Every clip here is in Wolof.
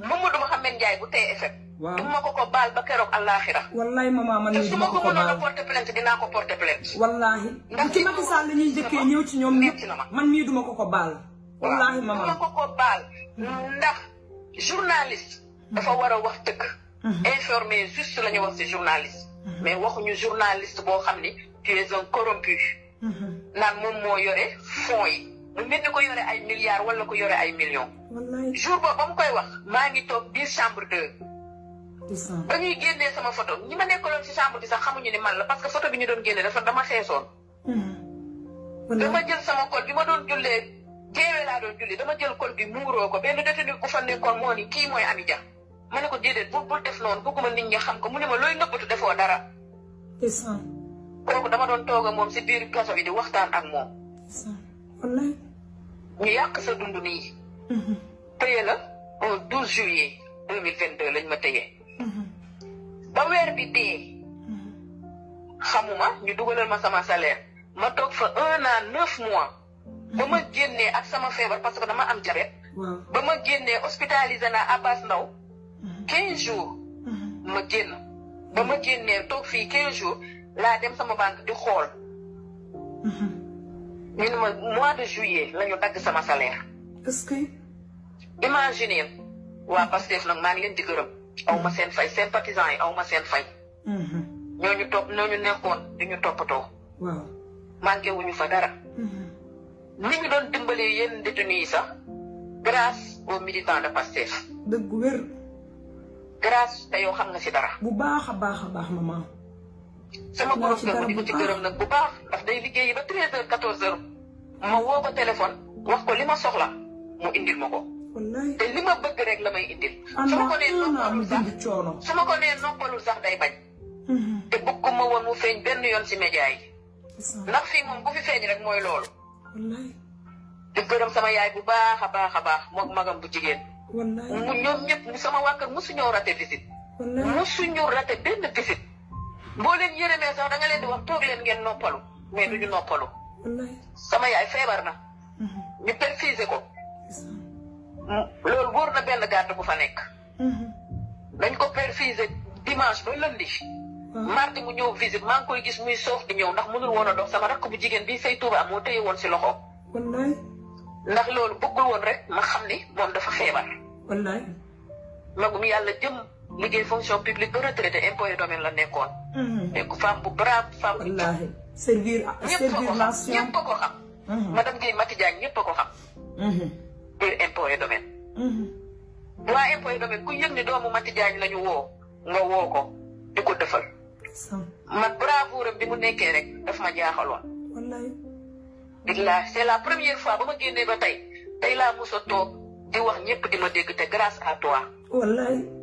Mamadou Mouhamed Ndiaye bu TFM. waaw du ma ko ko baal ba keroog àllaaxira. wallaay maman man du ma ko ko baal te su ma ko mënoon a porter plainte dinaa ko porter plainte. wallaahi ndax ci Macky Sall la ñuy njëkkee ñëw man mii du ma ko ko baal. wallaahi maman du ma ko ko baal ndax journaliste. dafa war a wax dëgg. Mhm. informé juste la ñu wax si journaliste. Mhm. mais waxuñu journaliste boo xam ni tu es un corrompu. Mhm. naan moom moo yore fonds yi. lu mel ni ko yore ay milliards wala ko yore ay millions. jour boobu ba mu koy wax maa ngi toog biir chambre 2. ba ñuy génnee sama foto ñi ma nekkaloon ci chambre bi sax xamuñu ni man la parce que photo bi ñu doon génne dafa dama xeesoon. Hmm. dama jël sama col bi ma doon jullee jeewee doon julli dama jël col bi ko benn détenu bu fa moo ni kii mooy Ami Dia. ma ne ko déedéet bu bul def noonu bëgguma nit ñi xam ko mu ne ma looy nëbbatu defoo dara. kooku dama doon toog ak moom si biir kaso bi di waxtaan ak moom. ñu yàq sa dund nii. Mm-hmm. tëye la au 12 juillet 2022 lañ ma tëyee. Mm-hmm. ba weer bi dee. Mm-hmm. xamuma ñu dugalal ma sama salaire ma toog fa un an neuf mois. ba ma génnee ak sama feebar parce que dama am jabet. ba ma génnee hospitalisé naa Abbas Ndao. 15 jours. ma génn ba ma génnee toog fii quinze jours laa dem sama banque di xool. ñu ne mois de juillet la ñu dagg sama salaire. est-ce que. imaginer waa Pastef nag maa ngi leen di gërëm aw ma seen fay sympathisants yi aw ma seen fay. Mm-hmm. ñooñu topp ñu nekkoon di ñu toppatoo. waaw manqué wuñu fa dara. Mm-hmm. ni ñu doon dimbalee yenn détenus yi sax grâce aux militants de Pastef. dëgg wér. grâce te yow xam nga ci dara. bu baax a baax a baax maman. sama borom kër ma ko nag bu baax ndax day liggéeyi ba treize heures quatorze heures ma woo ko téléphone wax ko li ma soxla mu indil ma ko. te li bëgg rek la indil. su ma ko nee noppalul sax su ma sax day bañ. Mm-hmm. te bëgguma woon mu feeñ benn yoon si média yi. ndax fii moom bu fi feeñ rek mooy loolu. di gërëm sama yaay bu baax a baax a baax moom magam bu jigéen. mu ñoom ñëpp sama waa kër mosu ñoo rate visite. mosu ñu rate benn visite. boo leen yërëmee sax da nga leen di wax toog leen ngeen noppalu mais duñu noppalu sama yaay feebar na mhm. ñu perfusé ko mm. loolu wóor na benn gàtt bu fa nekk mhm. dañ ko perfusé dimanche ba lundi mardi mu ñëw visite maa ngi koy gis muy soof di ñëw ndax mënul woon a dox sama rakk bu jigéen bi say tuuba moo téye woon si loxo ndax loolu bëggul woon rek ma xam ni moom dafa feebar magum yàlla jëm liggéey fonction publique ba retraité impôt et domaine la nekkoon. Mhm. nekk femme bu brave femme bu. wallaahi servir servir nation ñëpp ko xam mhm. madame Guèye Mati Diagne ñëpp ko xam. biir mhm. impôt et domaine. waa impôt et domaine yëg ni doomu Mati Diagne la woo nga woo ko di ko defal. man bravoure bi mu nekkee rek daf ma jaaxaloon. wallaahi. billaahi c'est la première fois ba ma ba tey tey laa mos a di wax ñëpp di ma dégg te grâce à toi. wallaahi.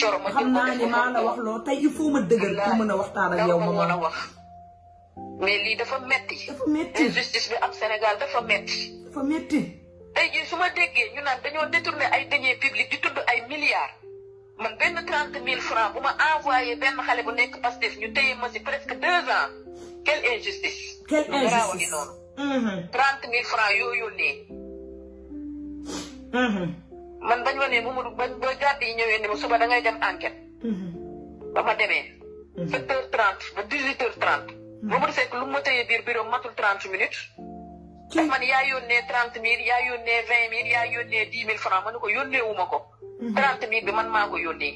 coro ma xam naa ni la wax loo tey il faut ma dëgër pour mën a waxtaan ak yow ma wax mais lii dafa metti dafa metti injustice am Sénégal dafa metti dafa metti tey jii ma déggee ñu naan dañoo détourné ay deniers publics di tudd ay milliards man benn trente mille francs bu ma envoyé benn xale bu nekk Pastef ñu téye ma si presque deux ans quelle injustice quelle injustice noonu mhm. trente mille francs yooyu nii man bañ ma ne Momadou bañ ba garde yi ñëwee ne ma suba da ngay dem enquête. Mhm. ba ma demee. Mhm. sept heures trente ba dix huit heures trente. Momadou Seck lu ma tëyee biir bureau matul trente minutes. daf ma ne yaa yónnee trente mille yaa yónnee vingt mille yaa yónnee dix mille franc ma ne ko yónnee wu ma ko. Mhm. trente mille bi man maa ko yónnee.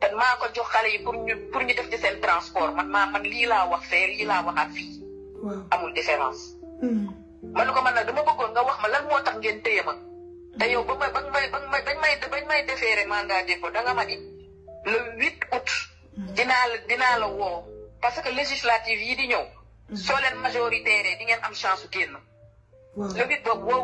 te maa ko jox xale yi pour ñu pour ñu def ci seen transport man maa man lii laa wax fee lii laa wax ak fii. amul différence. ma ne ko man nag dama bëggoon nga wax ma lan moo tax ngeen téye ma. te yow ba ma ba may ba may bañ may bañ may defeere mandat dépôt da nga ma di le huit août. dinaa la dinaa la woo parce que législative yi di ñëw. Mm-hmm. soo leen majoritaire di ngeen am chance su génn. le huit boobu woowu